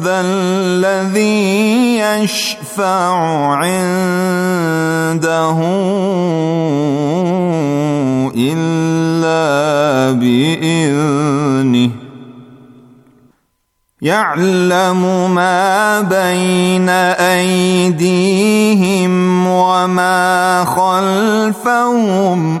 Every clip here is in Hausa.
ذا الذي يشفع عنده إلا بإذنه يعلم ما بين أيديهم وما خلفهم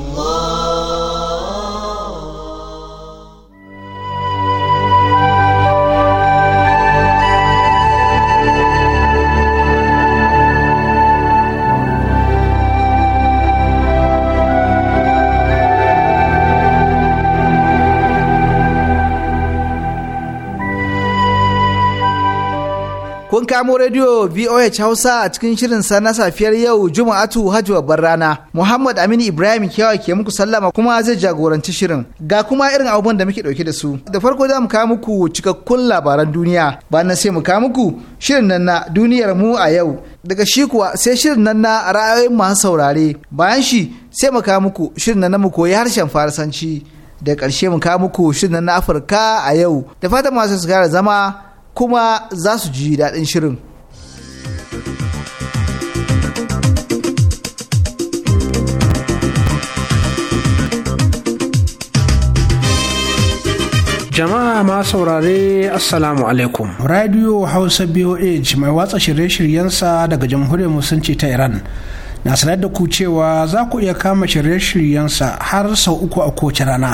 Kun kamo rediyo VOH Hausa a cikin shirin sa na safiyar yau Juma'atu Hajji babbar rana. Muhammad Aminu Ibrahim Kiyawa ke muku sallama kuma zai jagoranci shirin. Ga kuma irin abubuwan da muke dauke da su. Da farko za mu kawo muku cikakkun labaran duniya. Bayan sai mu kawo muku shirin nan na duniyar mu a yau. Daga shi kuwa sai shirin nan na ra'ayoyin masu saurare. Bayan shi sai mu kawo muku shirin nan na mu koyi harshen Farsanci. Da ƙarshe mu kawo muku shirin nan na Afirka a yau. Da fatan masu su zama kuma za su ji daɗin shirin. Jama'a ma saurare Assalamu alaikum. Radio Hausa BOH mai watsa shirye-shiryensa daga Jamhuriyar Musulunci ta Iran. Na sanar da ku cewa za ku iya kama shirye-shiryensa har sau uku a kowace rana.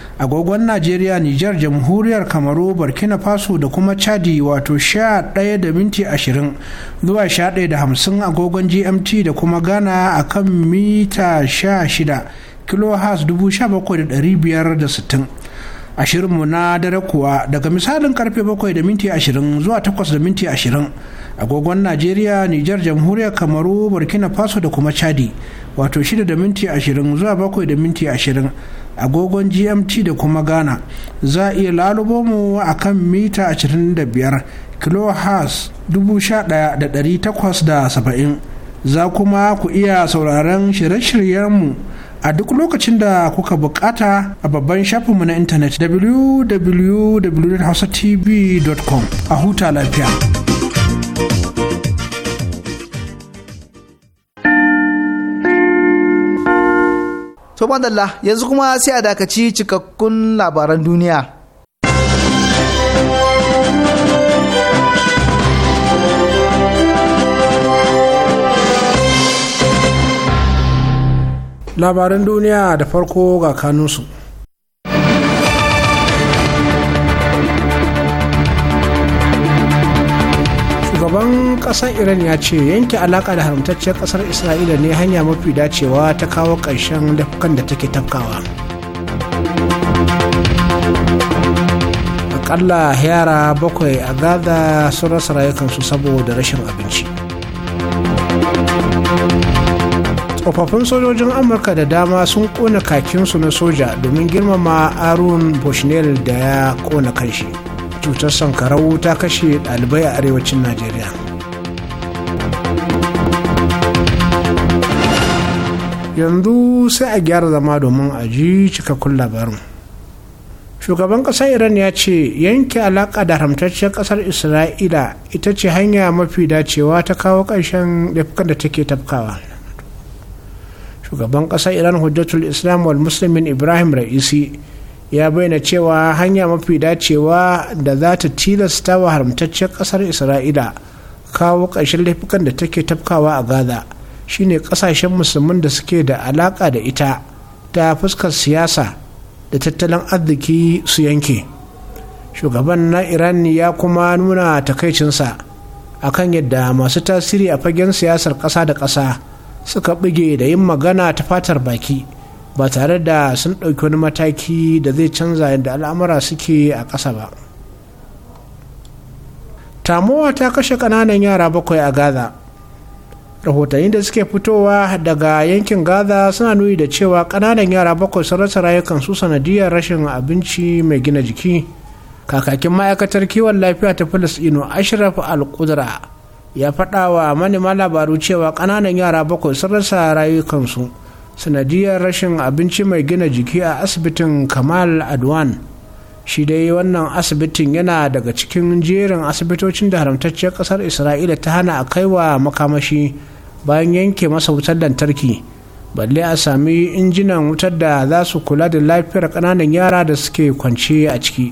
agogon najeriya niger jamhuriyar kamaru burkina faso da kuma chadi wato sha ɗaya da minti ashirin zuwa sha ɗaya da hamsin agogon gmt da kuma ghana a kan mita shida dubu sha bakwai biyar da sittin ashirinmu na dare kuwa daga misalin karfe bakwai da minti ashirin zuwa takwas da minti ashirin agogon najeriya nijar jamhuriya kamaru burkina faso da kuma chadi wato 6 da minti 20 zuwa 7 da minti 20 agogon gmt da kuma ghana za a iya lalubo mu a kan mita 25 kilohas 11870 za kuma ku iya sauraren shirye-shiryenmu a duk lokacin da kuka bukata a babban shafinmu na intanet www.hausatv.com a huta lafiya. to madalla yanzu kuma sai a dakaci cikakkun labaran duniya labaran duniya da farko ga kanunsu shugaban ƙasar iran ya ce yanke alaƙa da haramtacciyar ƙasar isra'ila ne hanya mafi dacewa ta kawo ƙarshen dafukan da take tafkawa akalla yara bakwai a gaza sun rasa rayukansu saboda rashin abinci tsofaffin sojojin amurka da dama sun kona kakinsu na soja domin girmama aron bushnell da ya kona kanshi. cutar sankarau ta kashe ɗalibai a arewacin najeriya yanzu sai a gyara zama domin a ji cikakkun labarin shugaban ƙasar iran ya ce yanke alaƙa da haramtacciyar ƙasar isra'ila ita ce hanya mafi dacewa ta kawo ƙarshen laifukan da take tafkawa shugaban ƙasar iran hujjatul islam wal muslimin ibrahim ra'isi ya bayyana cewa hanya mafi dacewa da za ta tilasta wa haramtacciyar kasar isra'ila kawo ƙarshen laifukan da take tafkawa a gaza shine ƙasashen musulmin da suke da alaƙa da ita ta fuskar siyasa da tattalin arziki su yanke shugaban na iran ya kuma nuna takaicinsa kan yadda masu tasiri a fagen siyasar ƙasa da ƙasa suka bige da yin magana ta fatar baki ba tare da sun ɗauki wani mataki da zai canza yadda al'amura suke a ƙasa ba tamowa ta kashe ƙananan yara bakwai a gaza rahotanni da suke fitowa daga yankin gaza suna nuni da cewa ƙananan yara bakwai sun rasa rayukan su sanadiyar rashin abinci mai gina jiki kakakin ma'aikatar kiwon lafiya ta Falasɗinu ashraf al ya faɗa wa manema labaru cewa ƙananan yara bakwai sun rasa rayukansu sanadiyar rashin abinci mai gina jiki a asibitin kamal adwan shi dai wannan asibitin yana daga cikin jerin asibitocin da haramtacciyar kasar isra'ila ta hana a kai wa makamashi bayan yanke masa wutar lantarki balle a sami injinan wutar da za su kula da lafiyar kananan yara da suke kwance a ciki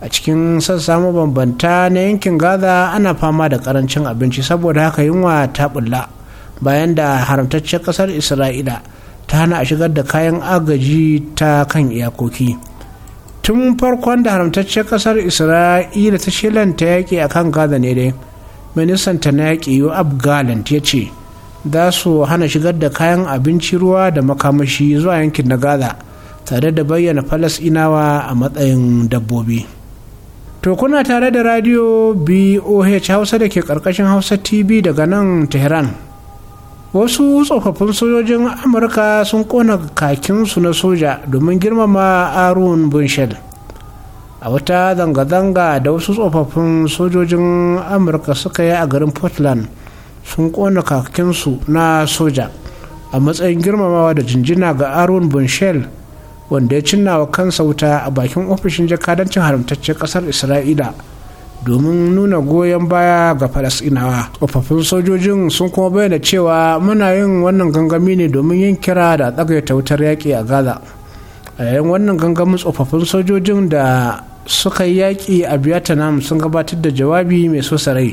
a cikin sassa mabambanta na yankin gaza ana fama da karancin abinci saboda haka yunwa ta bulla bayan da haramtaccen kasar isra'ila ta hana a shigar da kayan agaji ta kan iyakoki tun farkon da haramtaccen kasar isra'ila ta shilanta yaƙi a kan gaza ne dai ministan ta na yaƙi yoab galant ya ce za su hana shigar da kayan abinci ruwa da makamashi zuwa yankin na gaza tare da bayyana falasinawa a matsayin dabbobi to kuna tare da radio boh hausa da ke ƙarƙashin hausa tv daga nan tehran wasu tsofaffin sojojin amurka sun kona kakinsu na soja domin girmama aron bunshel a wata zanga-zanga da wasu tsofaffin sojojin amurka suka yi a garin portland sun kona kakinsu na soja a matsayin girmamawa da jinjina ga aron bunshel wanda ya cinna wa kansa wuta a bakin ofishin jakadancin haramtacce kasar isra'ila domin nuna goyon baya ga falasinawa tsofaffin sojojin sun kuma bayyana cewa muna yin wannan gangami ne domin yin kira da tsagaita wutar yaƙi a gaza a yayin wannan gangamin tsofaffin sojojin da suka yi yaƙi a vietnam sun gabatar da jawabi mai so sarai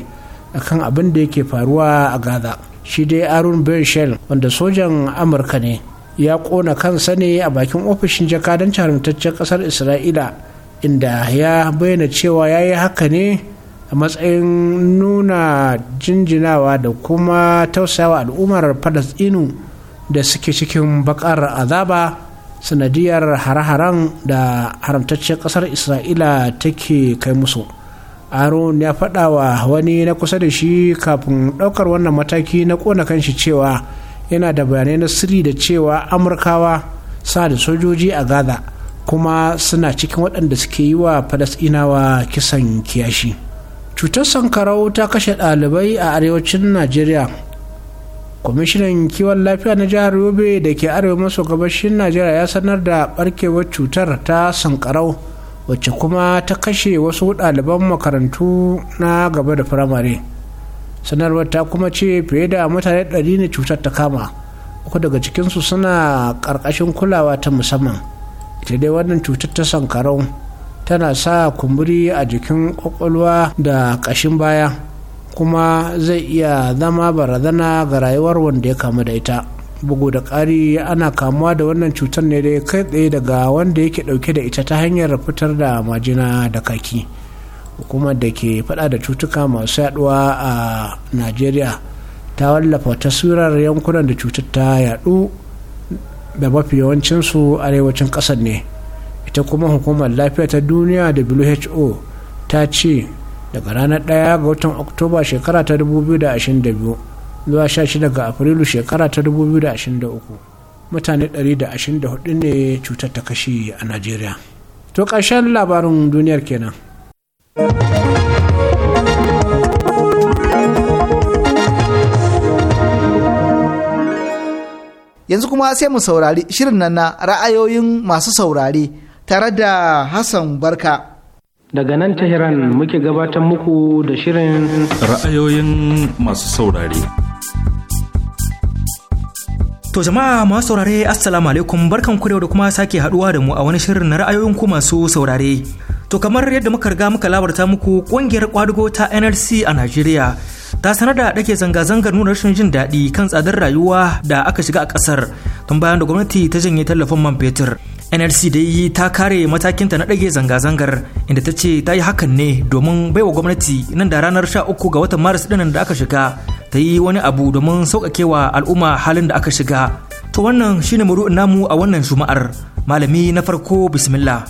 akan abin da yake faruwa a gaza shi dai arun benshel wanda sojan amurka ne ya kona kansa ne a bakin ofishin jakadancin haramtaccen kasar isra'ila inda ya bayyana cewa ya yi haka ne a matsayin nuna jinjinawa da kuma tausayawa al'ummar falasɗinu da suke cikin bakar azaba sanadiyar hare-haren da haramtacciyar ƙasar isra'ila take kai musu aron ya faɗa wa wani na kusa da shi kafin ɗaukar wannan mataki na ƙona kanshi cewa yana da bayanai na sirri da cewa amurkawa sa da sojoji a gaza kuma suna cikin waɗanda suke yi wa falasɗinawa kisan kiyashi cutar sankarau ta kashe ɗalibai a arewacin najeriya kwamishinan kiwon lafiya na jihar yobe da ke arewa maso gabashin najeriya ya sanar da barkewar cutar ta sankarau wacce kuma ta kashe wasu ɗaliban makarantu na gaba da firamare sanarwar ta kuma ce fiye da mutane ɗari ne cutar ta kama uku daga cikinsu suna ƙarƙashin kulawa ta musamman ita dai wannan cutar ta sankarau tana sa kumburi a jikin kwakwalwa da ƙashin baya kuma zai iya zama barazana ga rayuwar wanda ya kamu da ita bugu da ƙari ana kamuwa da wannan cutar ne dai kai tsaye daga wanda yake ɗauke da ita ta hanyar fitar da majina da kaki hukumar da ke faɗa da cutuka masu yaduwa a najeriya ta wallafa taswirar yankunan da cutar ta yadu da mafi yawancinsu arewacin ƙasar ne ita kuma hukumar lafiya ta duniya da who ta ce daga ranar 1 ga watan oktoba shekara ta 2022 zuwa 16 ga afrilu shekara ta 2023 mutane 124 ne cutar ta kashi a najeriya to ƙarshen labarin duniyar kenan. yanzu kuma sai mu saurari shirin nan na ra'ayoyin masu saurare tare da Hassan Barka. Daga nan Tehran muke gabatar muku da shirin ra'ayoyin masu saurare. To jama'a masu saurare assalamu alaikum barkan ku da kuma sake haduwa da mu a wani shirin na ra'ayoyin ku masu saurare. To kamar yadda muka riga muka labarta muku kungiyar kwadugo ta NLC a Najeriya ta sanar da dake zanga-zangar nuna rashin jin daɗi kan tsadar rayuwa da aka shiga a ƙasar tun bayan da gwamnati ta janye tallafin man fetur nrc da dai ta kare matakinta na ɗage zanga-zangar inda ta ce ta yi hakan ne domin baiwa gwamnati nan da ranar sha uku ga watan maris ɗinnan da aka shiga ta yi wani abu domin sauƙaƙewa al'umma halin da aka shiga to wannan shine muru'in namu a wannan juma'ar malami na farko bismillah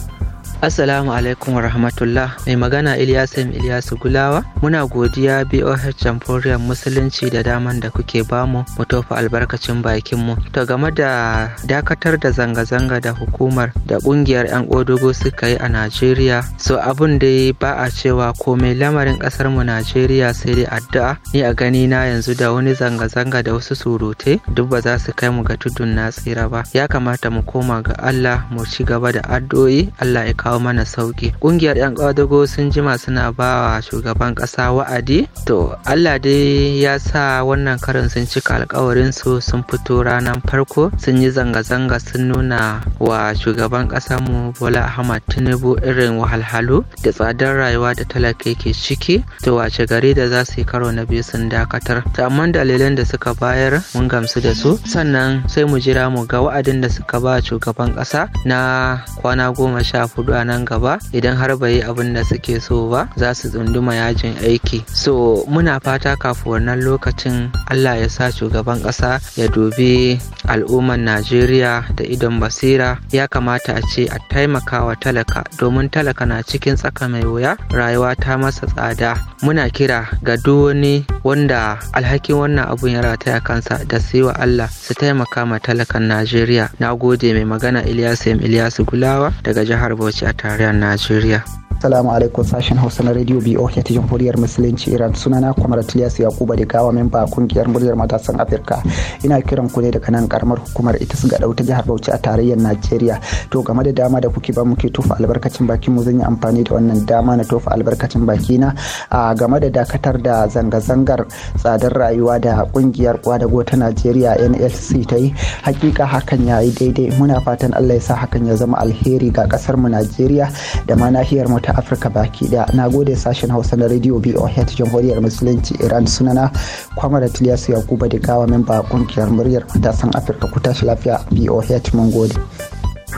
Assalamu alaikum wa rahmatullah. Mai magana Ilyasim Ilyasu Gulawa. Muna godiya BOH Jamhuriyar Musulunci da daman da kuke bamu mu tofa albarkacin bakinmu. To game da dakatar da zanga-zanga da hukumar da kungiyar 'yan odogo suka yi a Najeriya. So abun da ba a cewa komai lamarin kasar mu Najeriya sai dai addu'a. Ni a gani na yanzu da wani zanga-zanga da wasu surute duk ba za su kai mu ga tudun na tsira ba. Ya kamata mu koma ga Allah mu ci gaba da addu'o'i Allah ya kawo mana sauki ƙungiyar 'yan kwadago sun jima suna ba wa shugaban ƙasa wa'adi to allah dai ya sa wannan karin sun cika su sun fito ranar farko sun yi zanga-zanga sun nuna wa shugaban mu bola ahmad tinubu irin wahalhalu da tsadar rayuwa da talaka ke ciki to wace gari da za su yi karo na biyu sun dakatar ta amma dalilan da suka bayar mun gamsu da su sannan sai mu jira mu ga wa'adin da suka ba shugaban ƙasa na kwana goma sha hudu nan gaba idan har bai yi abin da suke so ba za su tsunduma yajin aiki so muna fata kafin wannan lokacin allah ya sa shugaban ƙasa ya dubi al'ummar najeriya da idon basira ya kamata a ce a taimaka wa talaka domin talaka na cikin tsaka mai wuya rayuwa ta masa tsada muna kira ga duk wani wanda alhakin wannan abun ya rataya kansa da su wa allah su taimaka ma talakan najeriya na gode mai magana ilyasu ilyasu gulawa daga jihar bauchi a tarayyar Najeriya. Assalamu alaikum sashen Hausa na Radio BOK ta Jamhuriyar Musulunci Iran sunana Kwamar Tiliyasu Yakuba da gawa memba kungiyar muryar matasan Afirka. Ina kiran ku ne daga nan karamar hukumar ita su ga ta jihar Bauchi a tarayyar Najeriya. To game da dama da kuke ba muke tofa albarkacin bakin mu zan yi amfani da wannan dama na tofa albarkacin baki na a game da dakatar da zanga-zangar tsadar rayuwa da kungiyar kwadago ta Najeriya NLC ta yi. Hakika hakan ya yi daidai muna fatan Allah ya sa hakan ya zama alheri ga kasar mu Najeriya da ma nahiyar mu ta ta afirka baki daya na gode sashen hausa na radio ta jamhuriyar musulunci iran sunana kwamar tiliyasu yakuba da gawa memba kungiyar muryar matasan afirka ku tashi lafiya boh mun gode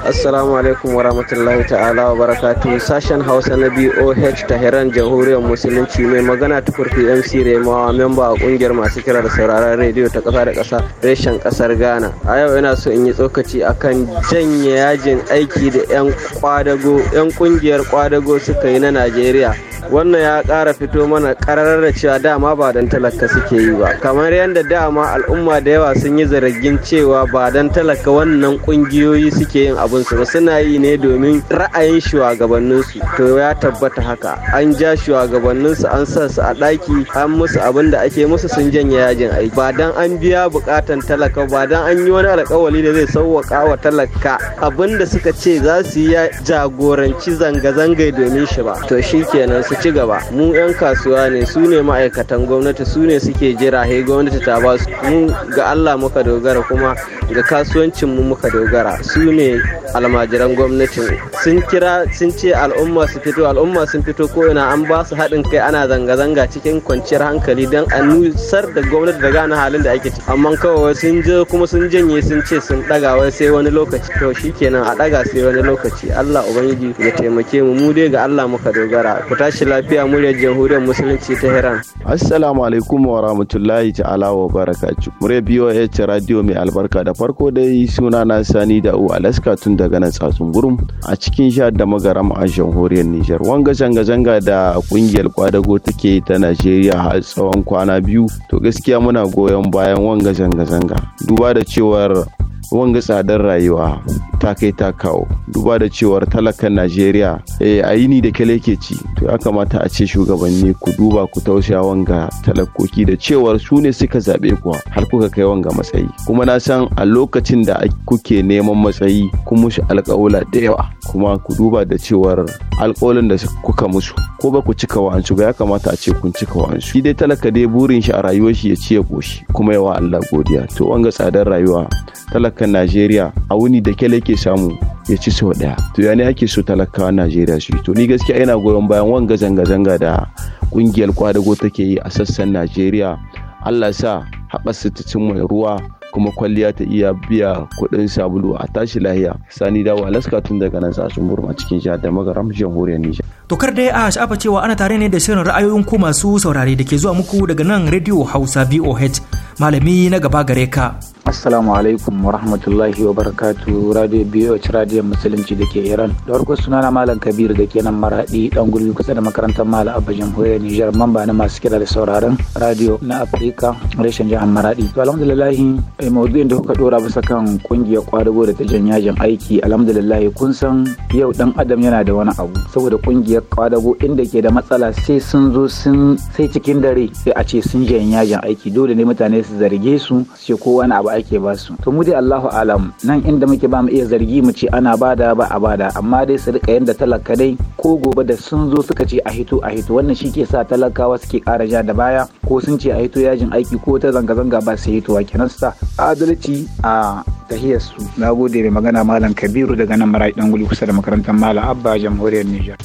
Assalamu alaikum wa rahmatullahi ta'ala wa barakatu sashen Hausa na BOH Tahiran Jamhuriyar Musulunci mai magana tukurfi MC Remawa memba a kungiyar masu kira da sauraron rediyo ta kasa da kasa reshen kasar Ghana. A yau ina so in yi tsokaci akan janye yajin aiki da 'yan kwadago 'yan kungiyar kwadago suka yi na Najeriya. Wannan ya kara fito mana ƙararar da cewa dama ba dan talaka suke yi ba. Kamar yadda dama al'umma da yawa sun yi zargin cewa ba dan talaka wannan ƙungiyoyi suke yin su ba suna yi ne domin ra'ayin shugabanninsu to ya tabbata haka an ja shugabanninsu an sa su a ɗaki an musu abin da ake musu sun janye yajin aiki ba dan an biya bukatan talaka ba dan an yi wani alkawali da zai sauwaka wa talaka abin da suka ce za su yi jagoranci zanga-zangai domin shi ba to shi kenan su ci gaba mu 'yan kasuwa ne su ne ma'aikatan gwamnati su ne suke jira he gwamnati ta ba su mu ga Allah muka dogara kuma ga kasuwancin mu muka dogara su ne almajiran gwamnatin sun kira sun ce al'umma su fito al'umma sun fito ko ina an ba su haɗin kai ana zanga-zanga cikin kwanciyar hankali don a nusar da gwamnati da gane halin da ake ciki amma kawai sun je kuma sun janye sun ce sun ɗaga wai sai wani lokaci to shikenan a ɗaga sai wani lokaci Allah ubangiji ya taimake mu mu dai ga Allah muka dogara ku tashi lafiya muryar jamhuriyar musulunci ta hiran assalamu alaikum wa rahmatullahi ta'ala wa barakatuh muryar BOH radio mai albarka da farko dai suna na Sani da u Alaska tun daga nan tsatsun gurum a cikin jihar da magaram a jamhuriyar Nijar. Wanga zanga-zanga da kungiyar kwadago take ta Najeriya har tsawon kwana biyu to gaskiya muna goyon bayan wanga zanga-zanga. Duba da cewar wanga tsadar rayuwa ta kai ta kawo duba da cewar talakan najeriya eh, a yi ni da kyale ke ci to ya kamata a ce shugabanni ku duba ku tausaya wanga talakoki da cewar su ne suka zaɓe kuwa har kuka kai wanga matsayi kuma na san a lokacin da kuke neman matsayi kun musu alƙawula da yawa kuma ku duba da cewar alƙawalin da kuka musu ko ba ku cika wa'ansu ba ya kamata a ce kun cika wa'ansu shi dai talaka dai burin shi a rayuwar shi ya ci ya goshi kuma yawa Allah godiya to wanga tsadar rayuwa talaka talakan najeriya a wuni da kyale ke samu ya ci sau daya to ya ne ake so talakawa najeriya su to ni gaskiya ina goyon bayan wanga zanga-zanga da kungiyar kwadago take yi a sassan najeriya allah sa su ta cimma ruwa kuma kwalliya ta iya biya kuɗin sabulu a tashi lahiya sani dawo laska tun daga nan sasun burma cikin jihar da magaram jamhuriyar nijar kar dai a sha'afa cewa ana tare ne da shirin ra'ayoyin ku masu saurare da ke zuwa muku daga nan Radio Hausa VOH malami na gaba gare ka. Assalamu alaikum wa rahmatullahi wa barakatu Radio BOH Radio Musulunci da ke Iran. Da farko sunana Malam Kabir da ke nan Maradi dan gurbi kusa da makarantar Malam Abba Jamhuriyar Nijar mamba na masu kira da sauraron radio na Afirka reshen jihar maraɗi. To alhamdulillah eh, maudu'in da kuka dora bisa kan kungiyar kwadago da ta yajin aiki alhamdulillah kun san yau dan adam yana da wani abu saboda kungiyar kwadago inda ke da matsala sai sun zo sun sai cikin dare sai a ce sun je yajin aiki dole ne mutane su zarge su ce ko wani abu ake ba su to mu dai Allahu alam nan inda muke ba mu iya zargi mu ce ana bada ba a bada amma dai su rika yanda talaka dai ko gobe da sun zo suka ce a hito a hito wannan shi ke sa talakawa suke kara ja da baya ko sun ce a hito yajin aiki ko ta zanga-zanga ba su hitowa kenan sa adalci a tahiyarsu na gode mai magana malam kabiru daga nan marayi dan gulu kusa da makarantar malam abba jamhuriyar nijar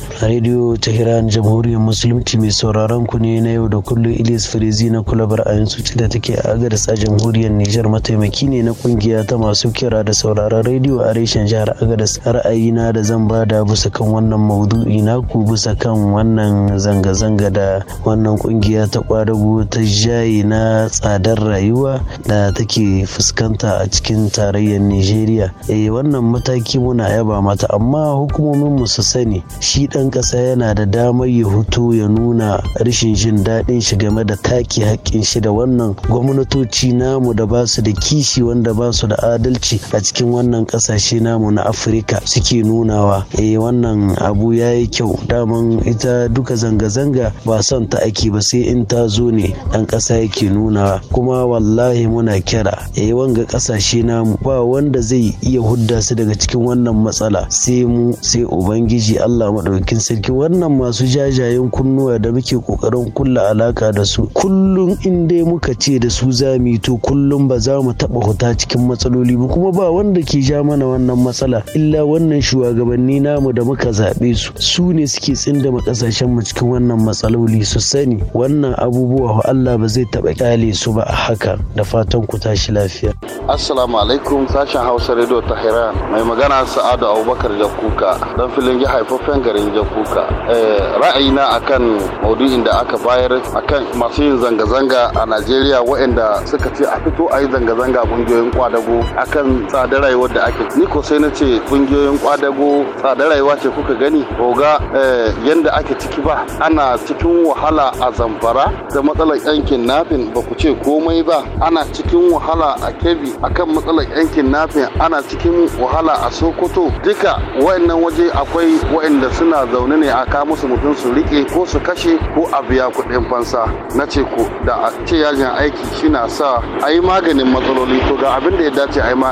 radio tehran jamhuriyar musulunci mai sauraron ku ne na yau da kullum ilis firizi na kulabar a yanzu da take a agadas a jamhuriyar nijar mataimaki ne na kungiya ta masu kira da sauraron rediyo a reshen jihar agadas ra'ayina da zan ba da bisa kan wannan maudu'i ku bisa kan wannan zanga-zanga da wannan kungiya ta kwadago ta jaye na tsadar rayuwa da take fuskanta a cikin tarayyar nigeria eh wannan mataki muna yaba mata amma hukumomin mu su sani shi dan kasa ƙasa yana da damar ya hutu ya nuna rashin jin daɗin shi game da take haƙƙin shi da wannan gwamnatoci namu da ba su da kishi wanda ba su da adalci a cikin wannan ƙasashe namu na afirka suke nunawa e wannan abu ya yi kyau daman ita duka zanga-zanga ba son ta ake ba sai in ta zo ne ɗan ƙasa yake nunawa kuma wallahi muna kira eh wanga ƙasashe namu ba wanda zai iya hudda su daga cikin wannan matsala sai mu sai ubangiji allah maɗaukin sarki ciki wannan masu jajayen kunnuwa da muke kokarin kulla alaka da su kullum in dai muka ce da su za mu to kullum ba za mu taba huta cikin matsaloli ba kuma ba wanda ke ja mana wannan matsala illa wannan shugabanni namu da muka zaɓe su su ne suke tsindama kasashen mu cikin wannan matsaloli su sani wannan abubuwa Allah ba zai taba kyale su ba a haka da fatan ku tashi lafiya assalamu alaikum sashen hausa radio tahiran mai magana sa'adu abubakar jakuka dan filin jihar haifofen garin jakuka ɗauka eh, ra'ayina akan maudu'in da aka bayar akan masu yin zanga-zanga a najeriya waɗanda suka ce a fito a yi zanga-zanga ƙungiyoyin kwadago akan tsadar rayuwar da ake ni ko sai na ce ƙungiyoyin kwadago tsadar rayuwa ce kuka gani oga eh, yanda ake ciki ba ana cikin wahala a zamfara da matsalar yankin nafin ba ku ce komai ba ana cikin wahala a kebi akan matsalar yankin nafin ana cikin wahala a sokoto duka waɗannan waje akwai waɗanda suna zaune ne a ka musu mutum su rike ko su kashe ko a biya kuɗin fansa na ce ko da a ce yajin aiki shi sa a yi maganin matsaloli to ga abin da ya dace a yi ma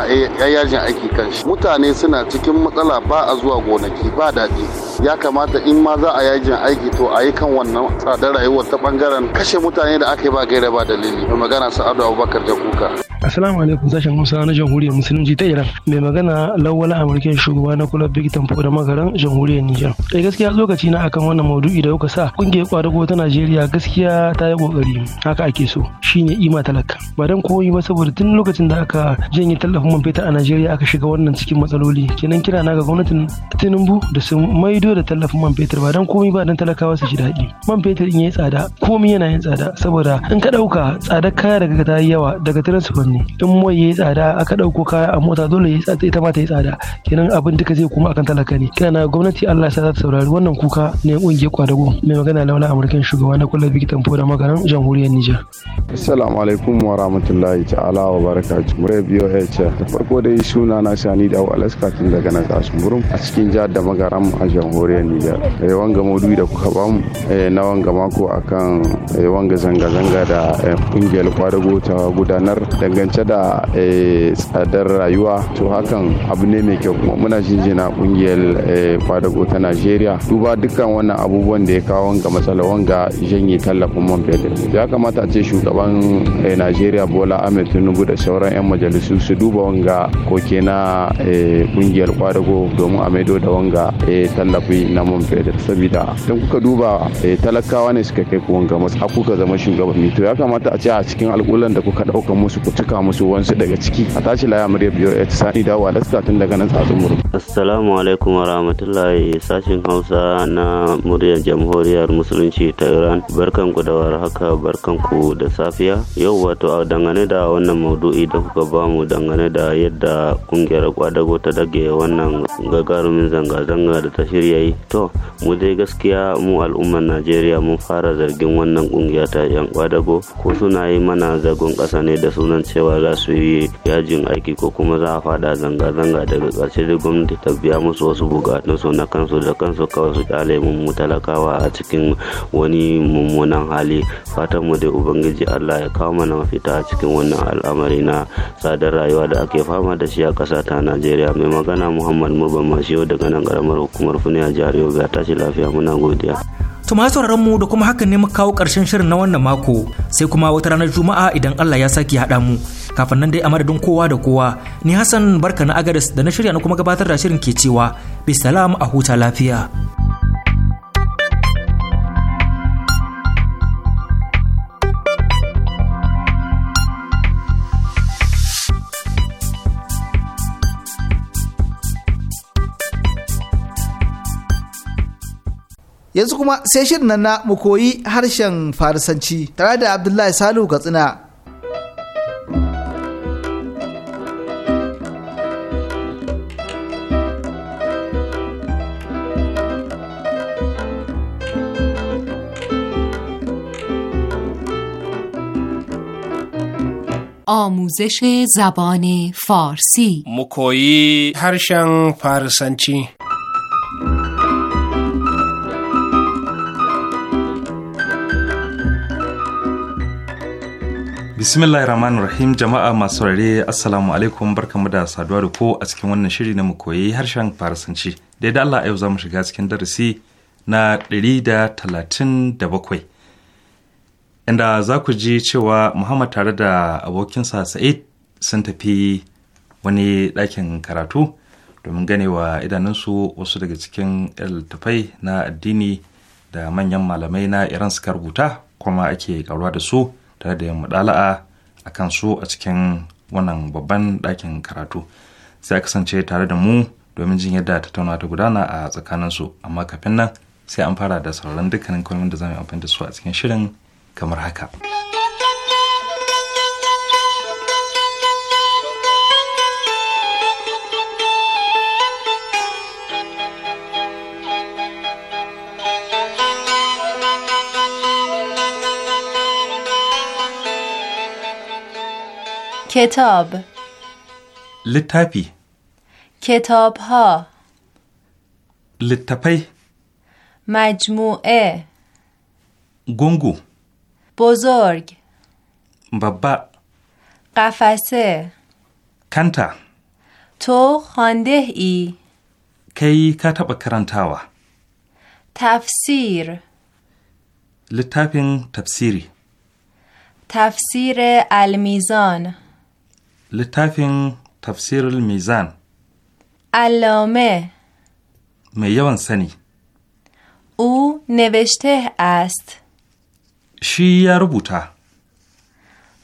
yajin aiki kan shi mutane suna cikin matsala ba a zuwa gonaki ba daɗi ya kamata in ma za a yajin aiki to a yi kan wannan tsadar rayuwar ta bangaren kashe mutane da aka yi ba gaira ba dalili mai magana sa'adu abubakar da kuka assalamu alaikum sashen hausa na jamhuriyar musulunci ta iran mai magana lawala amurka shugaba na kula big tampo da magaran jamhuriyar nijar eh, gaskiya ga na akan wannan maudu'i da kuka sa kungiyar ko ta Najeriya gaskiya ta yi kokari haka ake so shine ima talaka ba dan koyi ba saboda tun lokacin da aka janye tallafin man fetur a Najeriya aka shiga wannan cikin matsaloli kenan kira na ga gwamnatin Tinubu da su maido da tallafin man fetur ba dan komai ba dan talakawa su ji daɗi man fetur in yayi tsada komai yana yin tsada saboda in ka ɗauka tsada kaya daga ta yi yawa daga transfer ne in mai yayi tsada aka ɗauko kaya a mota dole yayi tsada ita ma ta yi tsada kenan abin duka zai kuma akan talaka ne kira na gwamnati Allah ya sa ta saurari wannan kuka ne kungiyar kwadago mai magana laula amurkan shugaba na kullum bikitan fura magaran jamhuriyar nijar assalamu alaikum wa rahmatullahi ta'ala wa barakatuh murai biyo da farko dai suna na shani da alaska tun daga na kasuburum a cikin jihar da magaran a jamhuriyar nijar eh, wanga maudu'i da kuka bamu eh, na wanga mako akan eh, wanga zanga-zanga da kungiyar kwadago ta gudanar dangance da tsadar rayuwa to hakan abu ne mai kyau kuma muna jinjina kungiyar kwadago ta najeriya duba dukkan wannan abubuwan da ya kawo ga matsala wanga janye tallafin man fetur ya kamata a ce shugaban eh, najeriya bola ahmed tinubu da sauran 'yan majalisu su duba wanga koke na kungiyar eh, kwadago domin a maido da wanga eh, tallafi na man fetur saboda don kuka duba talakawa ne suka kai kuwan ga masu kuka zama shugabanni to ya kamata a ce a cikin alkulan da kuka ɗauka musu ku cika musu wansu daga ciki a tashi laya murya biyar ya ci sani dawa da tun daga nan tsatsun murmu assalamu alaikum wa rahmatullahi sashin hausa na muryar jamhuriyar musulunci ta Iran. Barkan ku da warhaka, barkan ku da safiya. Yau wato a dangane da wannan maudu'i da kuka bamu dangane da yadda kungiyar kwadago ta dage wannan gagarumin zanga-zanga da ta shirya yi. To, mu dai gaskiya mu al'ummar Najeriya mun fara zargin wannan kungiya ta 'yan kwadago ko suna yi mana zagon kasa ne da sunan cewa za su yi yajin aiki ko kuma za a fada zanga-zanga daga ƙarshe da gwamnati ta biya musu wasu bukatunsu na kansu da kansu kawai su kyale mu talakawa a cikin wani mummunan hali fatan mu da ubangiji allah ya kawo mana mafita a cikin wannan al'amari na tsadar rayuwa da ake fama da shi a ƙasa ta najeriya mai magana muhammad masu yau daga nan karamar hukumar fune a jihar yobe a tashi lafiya muna godiya Tumaturaren mu da kuma hakan ne mu kawo karshen shirin na wannan mako sai kuma wata ranar Juma'a idan Allah ya sake haɗa mu. Kafin nan dai a madadin kowa da kowa ni Hassan barka na agaris da na shirya na kuma gabatar da shirin ke cewa bisalam a huta lafiya. yanzu kuma sai shirin nan na mu koyi harshen farisanci tare da abdullahi salu katsina آموزش زبان فارسی مکویی هرشن فارسنچی Bismillahir Rahmanir Rahim jama'a masu rare Assalamu alaikum barkamu da saduwa da ko a cikin wannan shiri na mu koyi harshen faransanci Da da Allah yau zamu shiga cikin darasi na 137. Inda za ku ji cewa Muhammad tare da abokinsa Sa'id sun tafi wani ɗakin karatu domin ganewa idanunsu wasu daga cikin littattafai na addini da manyan malamai na Iran suka rubuta kuma ake karuwa da su. tare da mudala'a a kan su a cikin wannan babban ɗakin karatu sai a kasance tare da mu domin jin yadda tattauna ta gudana a tsakanin su amma kafin nan sai an fara da sauran dukkanin kalmomin da zamu amfani da su a cikin shirin kamar haka. کتاب لتپی کتاب ها مجموعه گونگو بزرگ بابا قفسه کانتا تو خانده ای کتاب کرانتاوا تفسیر لتپین تفسیری تفسیر المیزان littafin تفسیر المیزان علامه میوان سنی او نوشته است شی بوتا.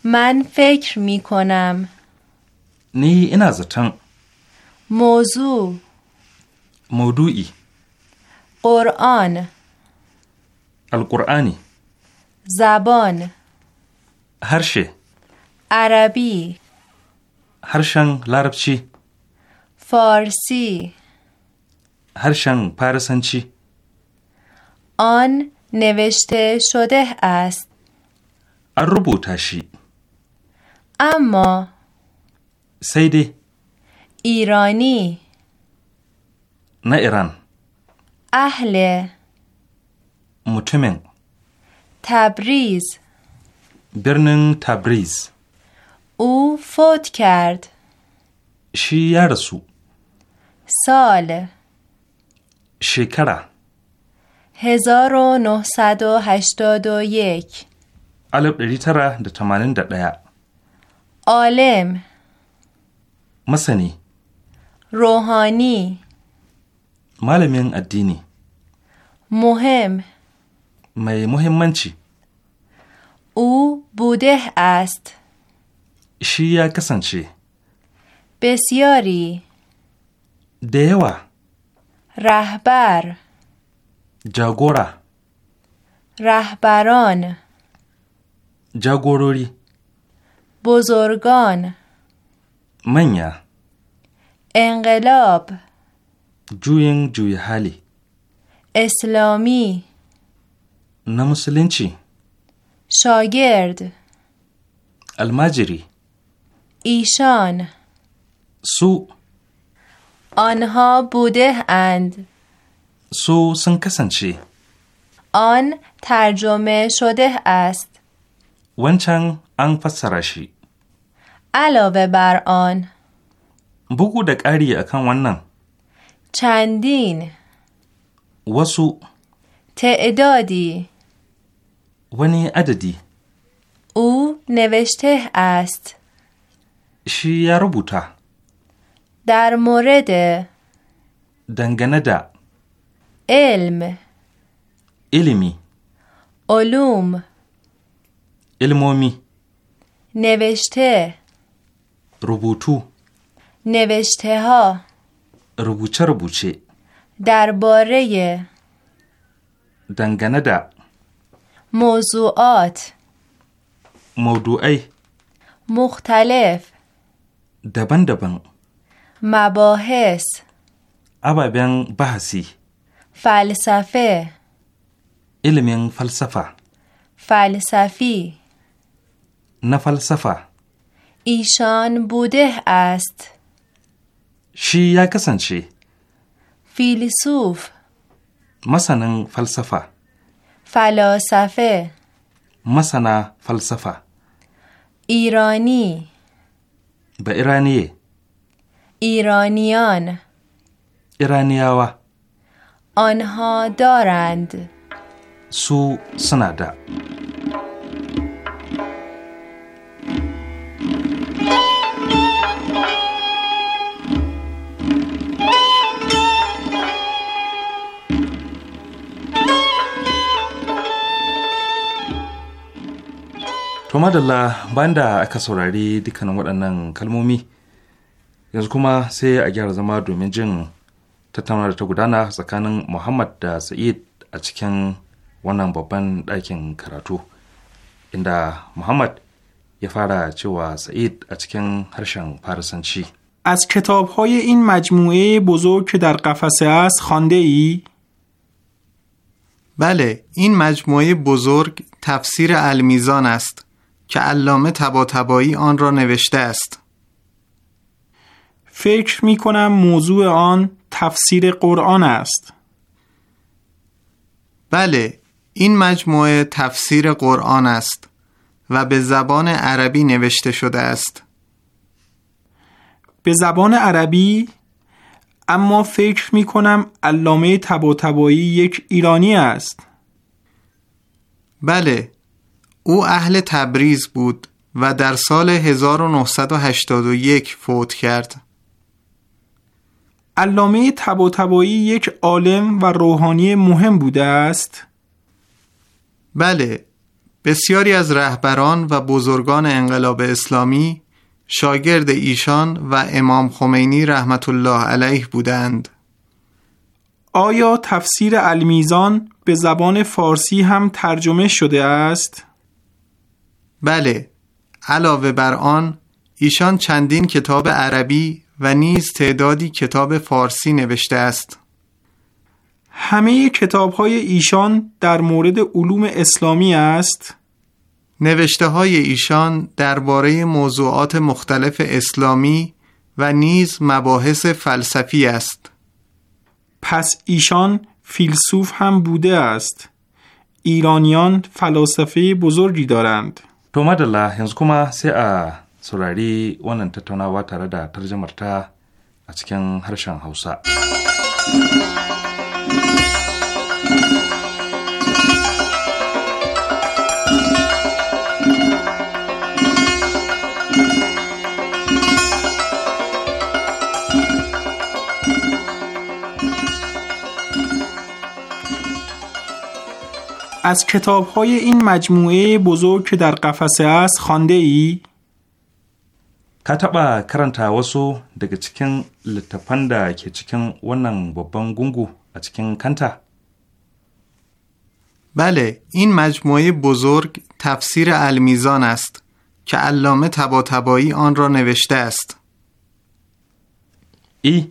من فکر می کنم نی این از موضوع موضوعی قرآن القرآنی زبان هرشه عربی لرب چی؟؟ فارسی پرسن پارسنچی آن نوشته شده است تشی اما سیده ایرانی نه ایران اهل متمن تبریز برنن تبریز او فوت کرد شی یا رسو سال شکره 1981 1981 عالم مسنی روحانی malamin addini muhim mai muhimmanci u budeh است شی یا کسنچه بسیاری دیوه رهبر جاگورا رهبران جاگوروری بزرگان منیا انقلاب جوین جوی حالی اسلامی نمسلنچی شاگرد المجری ایشان سو آنها بوده اند سو سن کسنچی آن ترجمه شده است ونچن ان فسرشی علاوه بر آن بگو دکاری اکن ونن چندین وسو تعدادی ونی عددی او نوشته است شی یا روبوتا در مورد دنگنه دا علم علمی علوم علمومی نوشته روبوتو نوشته ها روبوچه روبوچه درباره دنگنه دا موضوعات موضوعی مختلف daban-daban. Mabohes. Ababen bahasi. Falsafe. Ilimin falsafa. Falsafi. Na falsafa. Ishan bude ast. Shi ya kasance. Filisuf. Masanin falsafa. falosafe Masana falsafa. Irani. به ایرانیه ایرانیان ایرانیاوا آنها دارند سو سنادا To madalla bayan da aka saurari dukkanin waɗannan kalmomi yanzu kuma sai a gyara zama domin jin tattauna da ta gudana tsakanin Muhammad da Sa'id a cikin wannan babban ɗakin karatu inda Muhammad ya fara cewa Sa'id a cikin harshen Farisanci. از کتاب های این مجموعه بزرگ که در قفسه است خانده ای؟ بله، این مجموعه بزرگ تفسیر المیزان است. که علامه طباطبایی آن را نوشته است فکر می کنم موضوع آن تفسیر قرآن است بله این مجموعه تفسیر قرآن است و به زبان عربی نوشته شده است به زبان عربی اما فکر می کنم علامه تبا یک ایرانی است بله او اهل تبریز بود و در سال 1981 فوت کرد. علامه طباطبایی یک عالم و روحانی مهم بوده است. بله، بسیاری از رهبران و بزرگان انقلاب اسلامی شاگرد ایشان و امام خمینی رحمت الله علیه بودند. آیا تفسیر المیزان به زبان فارسی هم ترجمه شده است؟ بله علاوه بر آن ایشان چندین کتاب عربی و نیز تعدادی کتاب فارسی نوشته است همه کتاب های ایشان در مورد علوم اسلامی است؟ نوشته های ایشان درباره موضوعات مختلف اسلامی و نیز مباحث فلسفی است. پس ایشان فیلسوف هم بوده است. ایرانیان فلاسفه بزرگی دارند. To madalla yanzu kuma sai a saurari wannan tattaunawa tare da tarjamarta a cikin harshen Hausa. از کتاب های این مجموعه بزرگ که در قفسه است خانده ای؟ کتاب کرن تاوسو دگه چکن که ونن گونگو اچکن بله این مجموعه بزرگ تفسیر المیزان است که علامه تبا تبایی آن را نوشته است ای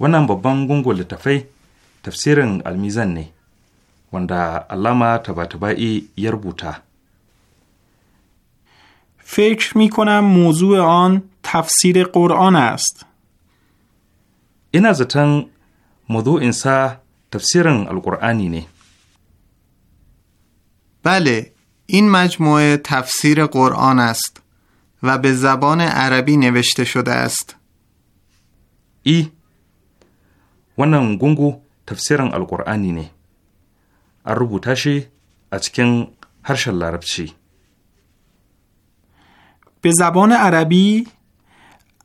ونن ببن گونگو لطفه تفسیر المیزان نه wanda علامه تباتبایی یا فکر می کنم موضوع آن تفسیر قرآن است. این از تن موضوع انسا تفسیر القرآنی نه. بله، این مجموعه تفسیر قرآن است و به زبان عربی نوشته شده است. ای ونن گنگو تفسیر القرآنی نه. an rubuta shi a cikin harshen larabci. به زبان عربی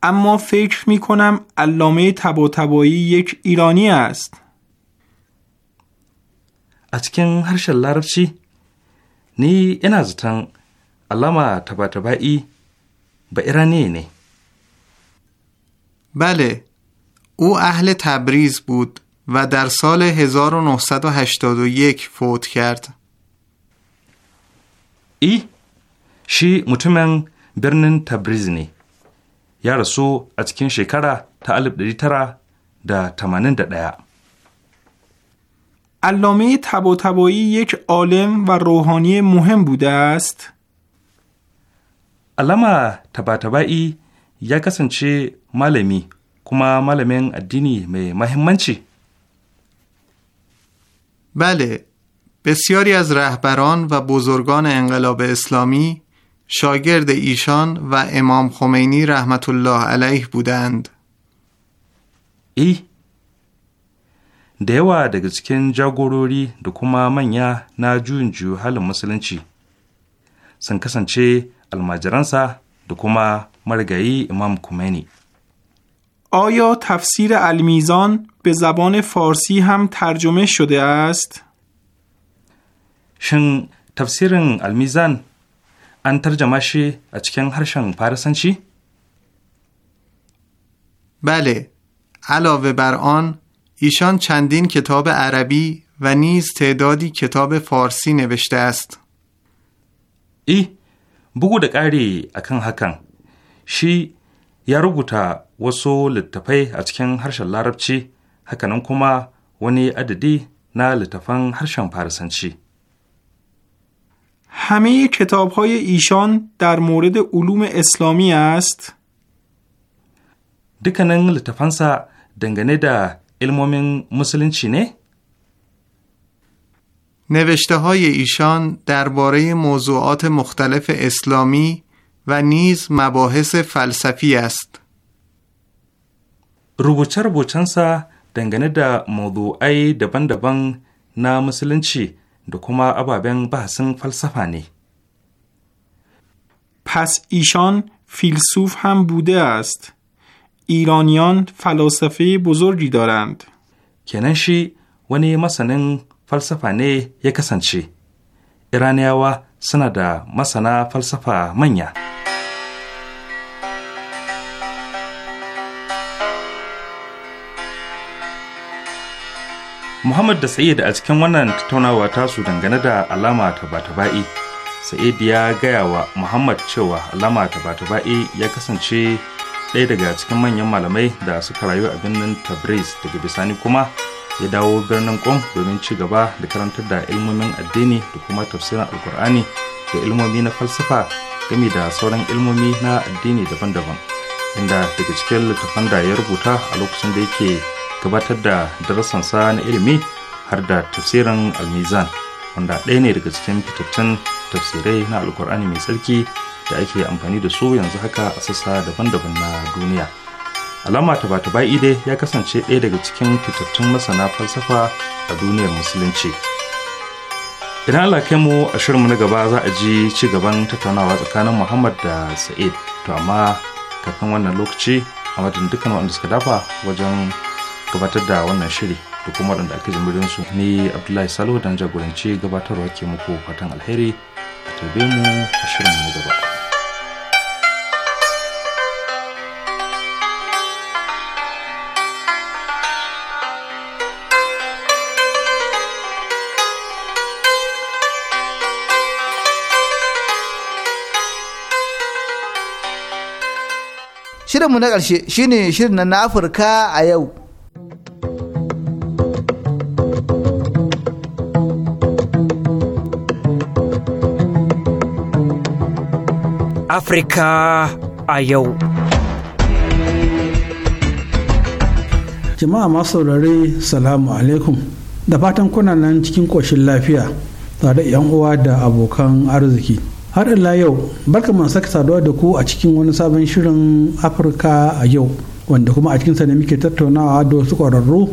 اما فکر می کنم علامه تبا یک ایرانی است. از کن هر لارف چی؟ نی این از تن علامه تبا طب به ایرانی نی؟ بله او اهل تبریز بود و در سال 1981 فوت کرد. ای شی مطمئن برنن تبریزی. یا رسو از کن شکرا تا الب دیتره دا تمانن دا دیا. علامه تبا طب یک عالم و روحانی مهم بوده است. علامه تبا طب تبایی یا کسنچه معلمی کما مالمین ادینی می مهمنچی. بله بسیاری از رهبران و بزرگان انقلاب اسلامی شاگرد ایشان و امام خمینی رحمت الله علیه بودند ای دیوا دگه چکن جا دو منیا جو حل مسلن چی سنکسن چه الماجران مرگایی امام خمینی آیا تفسیر المیزان به زبان فارسی هم ترجمه شده است؟ شن تفسیر المیزان ان ترجمه شی اچکن هرشن پارسن چی؟ بله علاوه بر آن ایشان چندین کتاب عربی و نیز تعدادی کتاب فارسی نوشته است ای بگو دکاری اکن هکن شی یا wasu littafai a cikin harshen larabci hakanan kuma wani adadi na littafan harshen farisanci همه کتاب های ایشان در مورد علوم اسلامی است؟ دکنن لطفانسا دنگنه دا علمومین مسلم چینه؟ نوشته های ایشان درباره موضوعات مختلف اسلامی و نیز مباحث فلسفی است. rubuce-rubucensa dangane da mawuzo'ai daban-daban na musulunci da kuma ababen bahasin falsafa ne. Pas ishan filsuf ham bude ast, iraniyan falsafi buzurgi darand. Kenan shi wani masanin falsafa ne ya kasance, iraniyawa suna da masana falsafa manya. muhammad da sa'id a cikin wannan tattaunawa tasu dangane da alama ta ba'i sa'id ya gaya wa muhammad cewa alama ta ba'i ya kasance ɗaya daga cikin manyan malamai da suka rayu a birnin tabriz daga bisani kuma ya dawo birnin kom domin ci gaba da karantar da ilmomin addini da kuma tafsirin Alƙur'ani da ilmomi na falsafa game da sauran ilmomi na addini daban-daban inda daga cikin littattafan da ya rubuta a lokacin da yake gabatar da darasansa na ilimi har da tafsirin almizan wanda ɗaya ne daga cikin fitattun tafsirai na alkur'ani mai tsarki da ake amfani da su yanzu haka a sassa daban-daban na duniya alama ta bata bai dai ya kasance ɗaya daga cikin fitattun masana falsafa a duniyar musulunci idan allah kai mu a shirinmu na gaba za a ji ci gaban tattaunawa tsakanin muhammad da sa'id to amma kafin wannan lokaci a madadin dukkan waɗanda suka dafa wajen gabatar da wannan shiri da kuma waɗanda aka ji su ni abdullahi salo don jagoranci gabatarwa ke muku fatan alheri a tabe mu a shirin na gaba Shirinmu na ƙarshe shine shirin na Afirka a yau. Afirka a yau. Jama'a masu saurare salamu alaikum da fatan kuna nan cikin koshin lafiya tare yan uwa da abokan arziki. Har ila yau, barka mu saka saduwa da ku a cikin wani sabon shirin Afirka a yau, wanda kuma a cikinsa ne muke tattaunawa da wasu ƙwararru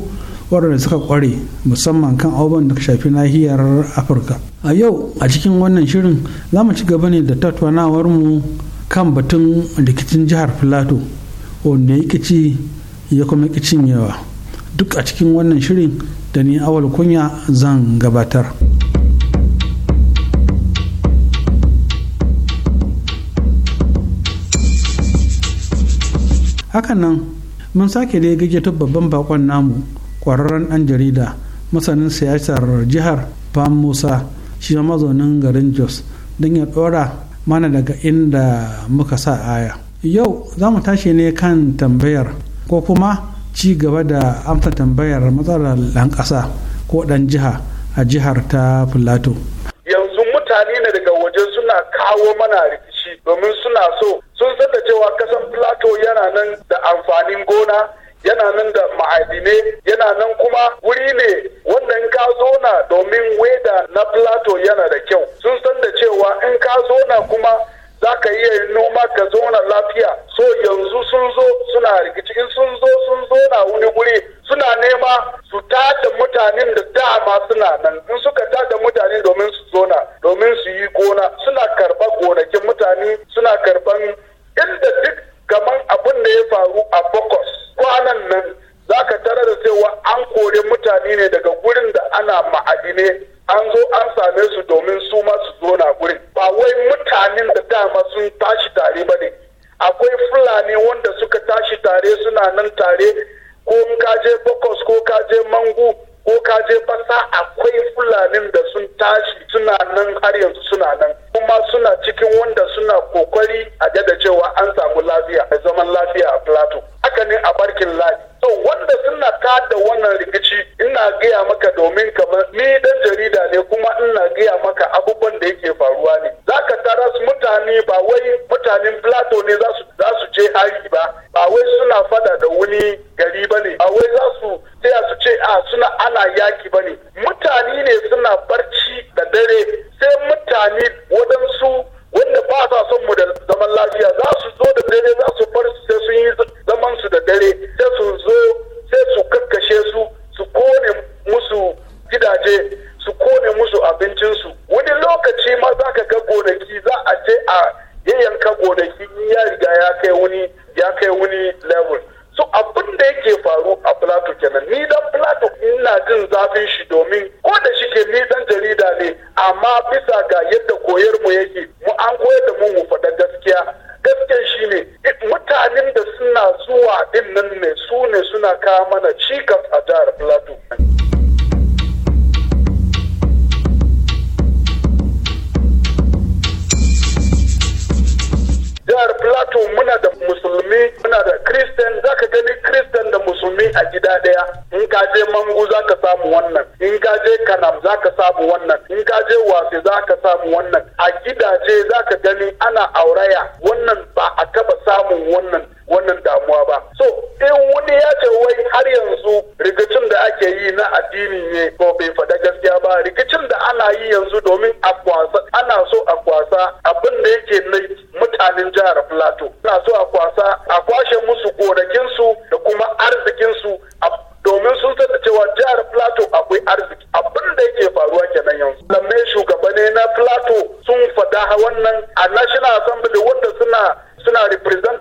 waɗanda suka ƙware musamman kan abubuwan da shafi nahiyar afirka a yau a cikin wannan shirin za mu ci gaba ne da tattaunawar mu kan batun rikicin jihar filato wanda ya kici ya kuma ki yawa. duk a cikin wannan shirin da ni awal kunya zan gabatar nan mun sake da ya babban bakon namu kwararren ɗan jarida masanin siyasar jihar pam musa shi mazaunin garin jos don ya ɗora mana daga inda muka sa aya yau za mu tashi ne kan tambayar ko kuma ci gaba da amsa tambayar matsalar ɗan ƙasa ko ɗan jiha a jihar ta filato yanzu mutane ne daga waje suna kawo mana rikici domin suna so sun san cewa ƙasar filato yana nan da amfanin gona yana nan da ma'adinai yana nan kuma wuri ne wanda in ka zona domin weda na plato yana da kyau sun san da cewa in ka zona kuma za ka iya noma ka zona lafiya so yanzu sun zo suna rikici in sun zo sun zona wani guri suna nema su tada mutanen da dama suna nan in suka tada mutane domin su zona domin su yi gona suna karɓar gonakin mutane suna karɓar inda duk kamar abin da ya faru a bokos kwanan nan za ka tare da cewa an kore mutane ne daga gurin da ana ma'adine an zo an same su domin su ma su zo gurin ba wai mutanen da dama sun tashi tare ba ne akwai fulani wanda suka tashi tare suna nan tare ko in ka bokos ko kaje je mangu ko ka je fasa, akwai fulanin da sun tashi suna nan har yanzu suna nan kuma suna cikin wanda suna kokari a da cewa an samu lafiya da zaman lafiya a plateau haka ne a barkin ladi to wanda suna kada wannan rikici ina gaya maka domin kamar ni dan jarida ne kuma ina gaya maka abubuwan da yake Yaya za ka samu wannan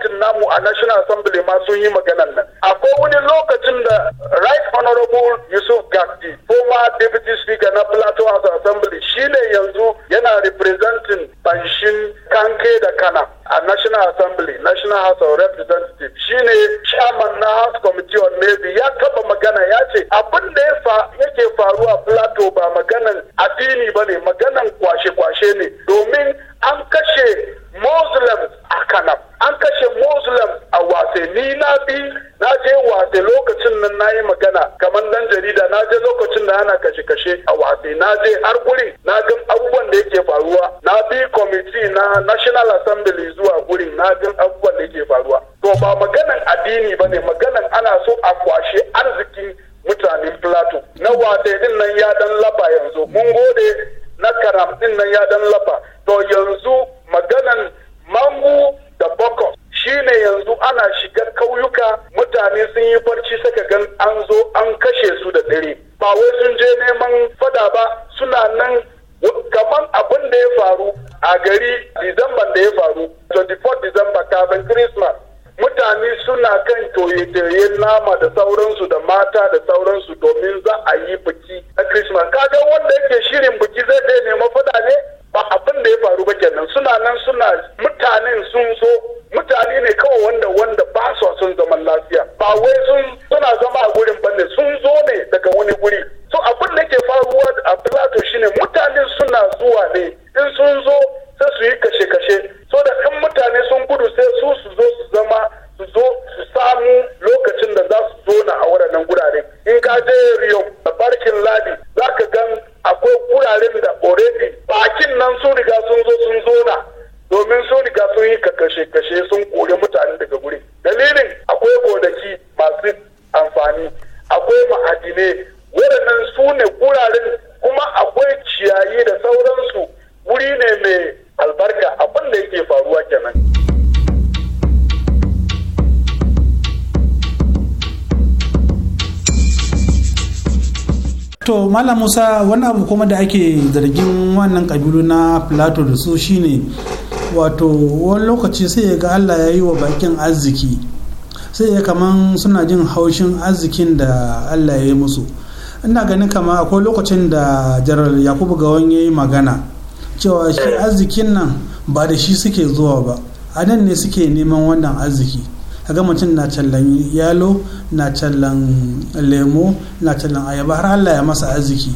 lokacin namu a national assembly ma sun yi maganan nan akwai wani lokacin da right honorable yusuf gakdi former deputy speaker na plateau house assembly shine yanzu yana representing banshin kanke da kana a national assembly national house of representatives shine chairman na house committee on navy ya taba magana ya ce abin da yake faruwa plateau ba maganan addini ba ne maganan kwashe-kwashe ne domin an kashe muslims a kanam an kashe muslim a wasai ni na bi na je wasa lokacin nan na yi magana kamar dan jarida na je lokacin da ana kashe-kashe a wasa na je har guri na ga abubuwan da yake faruwa na bi kwamiti na national assembly zuwa gurin na ga abubuwan da yake faruwa to ba maganan addini ba ne maganan ana so a kwashe arzikin mutanen plateau na wasa din nan ya dan laba yanzu mun gode na karam din nan ya dan laba to yanzu maganan mangu da bokos shine yanzu ana shigar kauyuka mutane sun yi barci saka gan an zo an kashe su da dare ba wai sun je neman fada ba suna nan kamar abin da ya faru a gari disamban da ya faru 24 disamba kafin christmas mutane suna kan toye-toyen nama da sauransu da mata da sauransu domin za a yi biki na Christmas. Kaga wanda yake shirin biki zai je nema fada ne ba abin da ya faru ba kenan suna nan suna mutanen sun zo mutane ne kawai wanda wanda ba su sun zaman lafiya ba wai sun suna zama a gurin ne. sun zo ne daga wani guri so abin da ke faruwa a plato shine mutane suna zuwa ne in sun zo sai su yi kashe-kashe so da in mutane sun gudu sai su su zo su zama su zo su samu lokacin da za su zo na a wuraren gurare in ka je riyo a barkin ladi za ka gan malam musa wani abu kuma da ake zargin wannan kabilu na plato da su shine wato wani lokaci sai ya ga allah ya yi wa bakin arziki sai ya kaman suna jin haushin arzikin da allah ya yi musu ina ganin kama akwai lokacin da jarar yakubu gawan ya magana cewa shi arzikin nan ba da shi suke zuwa ba a nan ne suke neman wannan arziki kaga mutum na yalo na tallan lemo na tallan ayaba har Allah ya masa arziki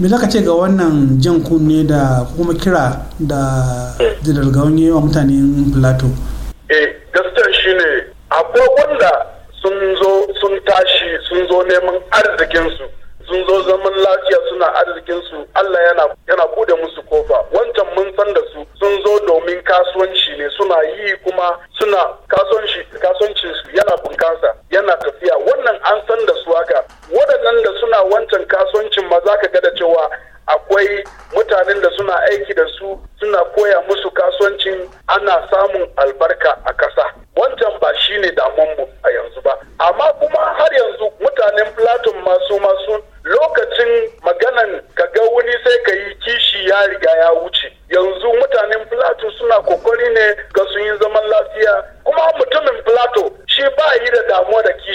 me zaka ce ga wannan jan kunne da kuma kira da gauni wa mutanen plateau I want to.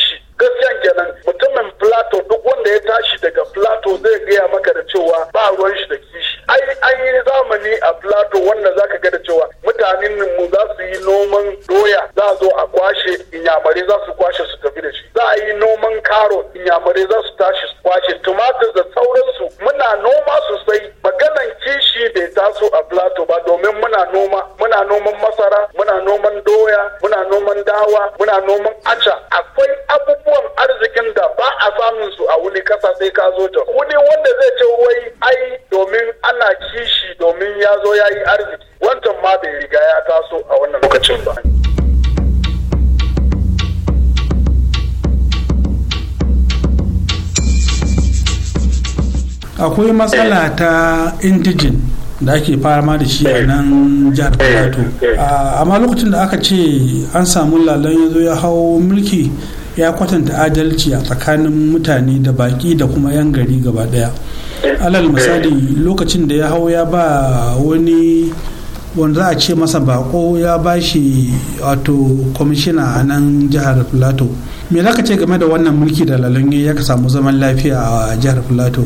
akwai eh. matsala ta indijin da ake fama da shi a eh. nan jihar eh. plateau ah, amma lokacin da aka ce an samu lalon ya zo ya hau mulki ya kwatanta adalci a tsakanin mutane da baki da kuma 'yan gari gaba daya alal misali lokacin da ya hau ya ba wani wanda za a ce masa bako ya ba shi wato kwamishina a nan jihar plateau me za ka ce game da wannan mulki da lalunye ya ka samu zaman lafiya a jihar plateau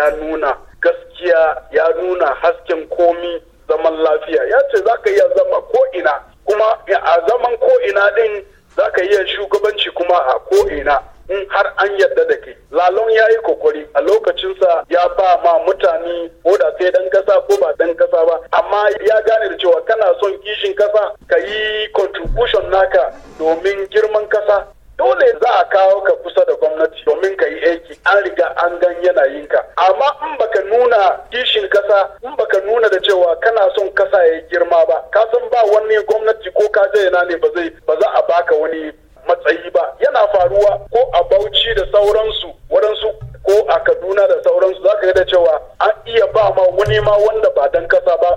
ya nuna gaskiya ya nuna hasken komi zaman lafiya ya ce za ka iya zama ko'ina kuma a zaman ko'ina din za ka iya shugabanci kuma a ko'ina in har an yarda da kai lalon ya yi kokari a lokacinsa ya ba ma mutane ko da sai dan kasa ko ba dan kasa ba amma ya gane da cewa kana son kishin kasa ka yi contribution naka domin girman kasa dole za a kawo ka kusa da gwamnati domin ka yi aiki an riga an gan yanayinka amma in baka nuna kishin kasa in baka nuna da cewa kana son kasa ya yi girma ba ka san ba wani gwamnati ko ka je ne ba zai ba za a baka wani matsayi ba yana faruwa ko a bauchi da sauransu waɗansu ko a kaduna da sauransu za ka ga da cewa an iya ba ma wani ma wanda ba dan kasa ba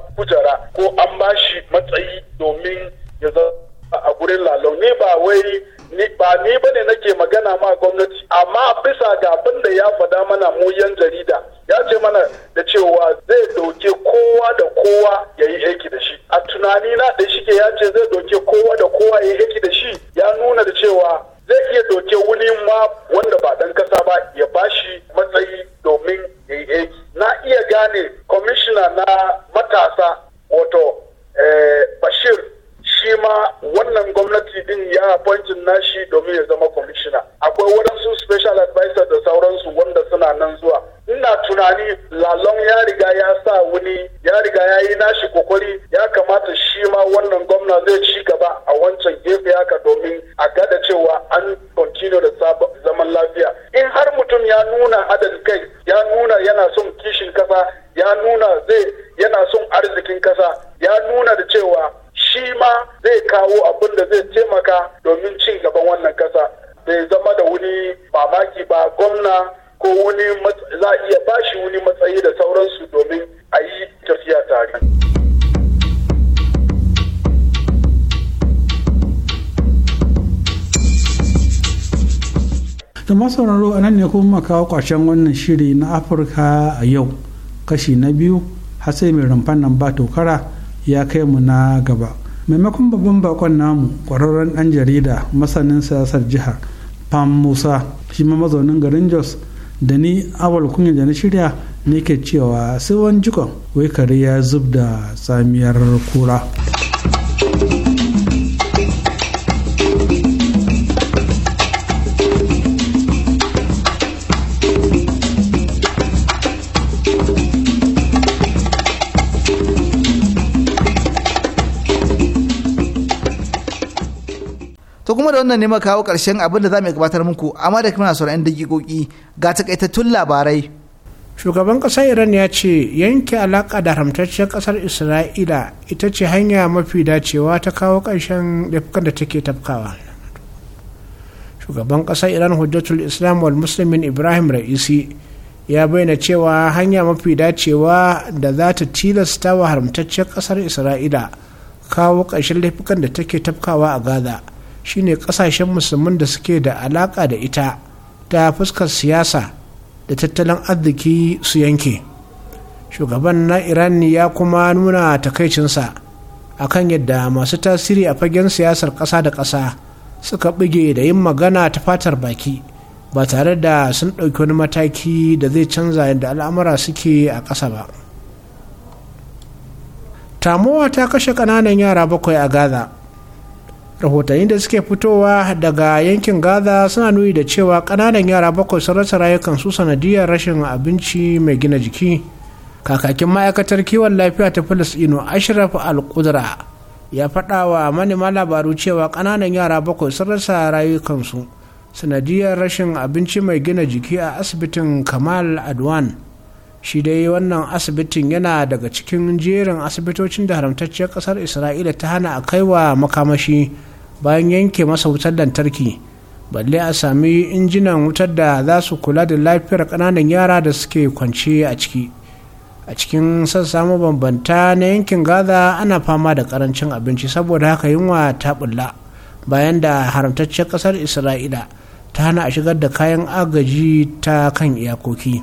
kawo kwashen wannan shiri na afirka a yau kashi na biyu hasai mai rumfan nan ba tokara ya kai mu na gaba maimakon babban bakon namu ƙwararren ɗan jarida masanin siyasar jihar pam musa shi ma mazaunin garin jos da ni awal kunya da na shirya ne ke cewa sai wani jikon wai kare ya zub da samiyar kura. wannan ne kawo karshen abin da za mu gabatar muku amma da kuma sauran dakikoki ga takaitattun labarai. Shugaban ƙasar Iran ya ce yanke alaƙa da haramtacciyar ƙasar Isra'ila ita ce hanya mafi dacewa ta kawo ƙarshen laifukan da take tafkawa. Shugaban ƙasar Iran Hujjatul Islam wal Muslimin Ibrahim Ra'isi ya bayyana cewa hanya mafi dacewa da za ta tilasta wa haramtacciyar ƙasar Isra'ila kawo ƙarshen laifukan da take tafkawa a Gaza. shine kasashen musulmin da suke da alaka da ita ta fuskar siyasa da tattalin arziki su yanke shugaban na iran ya kuma nuna takaicinsa akan yadda masu tasiri a fagen siyasar kasa da kasa suka bige da yin magana ta fatar baki ba tare da sun ɗauki wani mataki da zai canza yadda al'amura suke a ƙasa ba tamowa ta kashe ƙananan yara bakwai a gaza rahotanni da suke fitowa daga yankin gaza suna nuni da cewa ƙananan yara bakwai sun rasa rayukansu sanadiyar rashin abinci mai gina jiki kakakin ma'aikatar kiwon lafiya ta falasɗinu ashraf al-qudra ya faɗa wa manema labaru cewa kananan yara bakwai sun rasa rayukansu sanadiyar rashin abinci mai gina jiki a asibitin kamal adwan shi dai wannan asibitin yana daga cikin jerin asibitocin da haramtacciyar ƙasar isra'ila ta hana a kaiwa makamashi bayan yanke masa wutar lantarki balle a sami injinan wutar da za su kula da lafiyar ƙananan yara da suke kwance a ciki a cikin sassa mabambanta na yankin gaza ana fama da karancin abinci saboda haka yunwa ta bulla bayan da haramtacciyar ƙasar isra'ila ta hana a shigar da kayan agaji ta kan iyakoki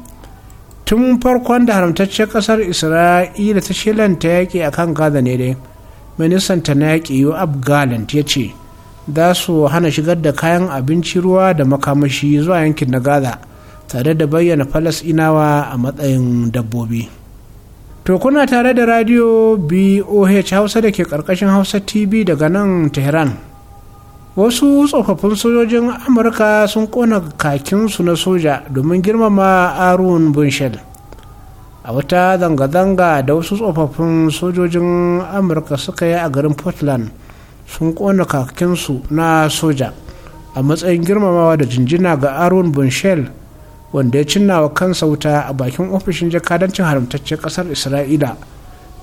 tun farkon da haramtacciyar ƙasar isra'ila ta shilanta yaƙi a kan gaza ne dai ministan ta na yaƙi yoab galant ya ce za su hana shigar da kayan abinci ruwa da makamashi zuwa yankin na gaza tare da bayyana falasinawa a matsayin dabbobi to kuna tare da radio boh hausa da ke karkashin hausa tv daga nan tehran wasu tsofaffin sojojin amurka sun kona kakinsu na soja domin girmama arun bunshel a wata zanga-zanga da wasu tsofaffin sojojin amurka suka yi a garin portland sun kona kakinsu na soja a matsayin girmamawa da jinjina ga aron bunshel wanda ya cinna wa kansa wuta a bakin ofishin jakadancin haramtaccen kasar isra'ila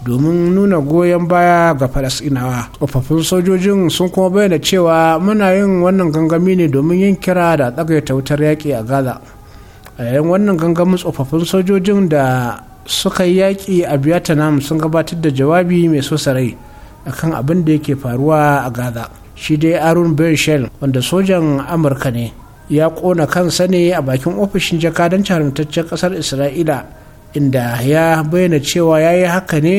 domin nuna goyon baya ga falasinawa tsofaffin sojojin sun kuma bayyana cewa muna yin wannan gangami ne domin yin kira da tsagaita wutar yaƙi a gaza a yayin wannan gangamin tsofaffin sojojin da suka yi yaƙi a biyatanam sun gabatar da jawabi mai so sarai akan abin da yake faruwa a gaza shi dai arun bershel wanda sojan amurka ne ya kona kansa ne a bakin ofishin jakadancin haramtaccen kasar isra'ila inda ya bayyana cewa ya yi haka ne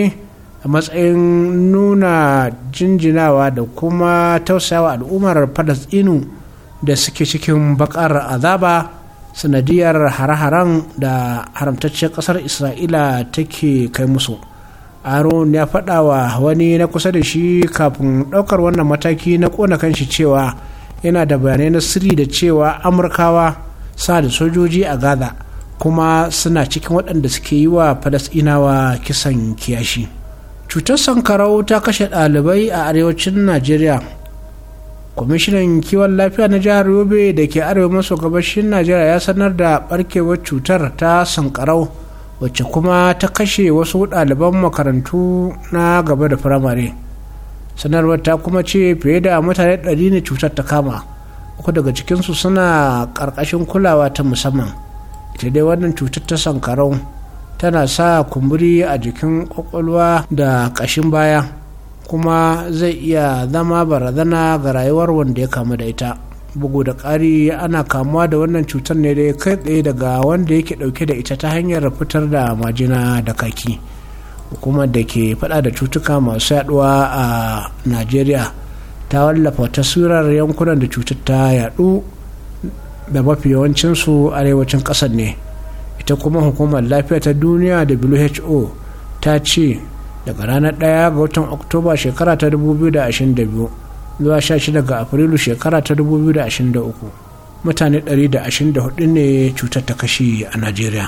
a matsayin nuna jinjinawa da kuma tausayawa al'ummar falasɗinu da suke cikin bakar azaba sanadiyar hare-haren da haramtacciyar kasar isra'ila take kai musu aron ya faɗa wa wani na kusa da shi kafin ɗaukar wannan mataki na ƙona kanshi cewa yana da bayanai na sirri da cewa amurkawa sa da sojoji a gaza kuma suna cikin waɗanda suke yi wa falasɗinawa kisan kiyashi cutar sankarau ta kashe ɗalibai a arewacin najeriya kwamishinan kiwon lafiya na jihar yobe da ke arewa maso gabashin najeriya ya sanar da ɓarkewar cutar ta sankarau wacce kuma ta kashe wasu ɗaliban makarantu na gaba da firamare sanarwar ta kuma ce fiye da mutane ɗari ne cutar ta kama uku daga cikinsu suna ƙarƙashin kulawa ta musamman ita dai wannan cutar ta sankarau tana sa kumburi a jikin ƙwaƙwalwa da ƙashin baya kuma zai iya zama barazana ga rayuwar wanda ya kamu da ita bugu da ƙari ana kamuwa da wannan cutar ne da kai tsaye daga wanda yake ɗauke da ita ta hanyar fitar da majina da kaki hukumar da ke faɗa da cutuka masu yaduwa a najeriya ta wallafa taswirar yankunan da cutar ta yaɗu da mafi yawancinsu arewacin ƙasar ne ita kuma hukumar lafiya ta duniya who ta ce daga ranar 1 ga watan oktoba shekara ta 2022 zuwa 16 ga afrilu shekara ta 2023 mutane 124 ne cutar ta kashi a najeriya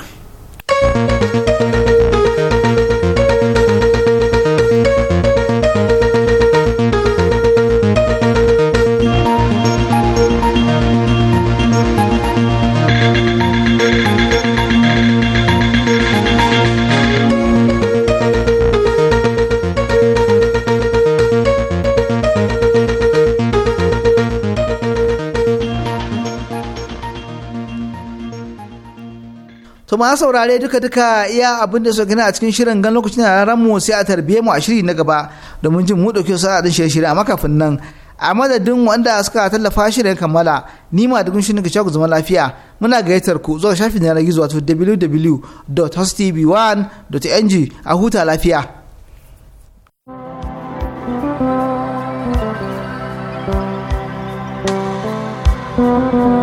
ma saurare duka-duka iya abin da suka gina a cikin shirin gan lokacin da ran mu sai a tarbiyyar mu a shiri na gaba domin jin mu dauke sa'a a shirye-shirye amma kafin nan a madadin wanda suka tallafa shirin kammala ni ma da ne ga ku zama lafiya muna gayyatar ku zuwa shafin yanar gizo wato www.hostv1.ng a huta lafiya. thank you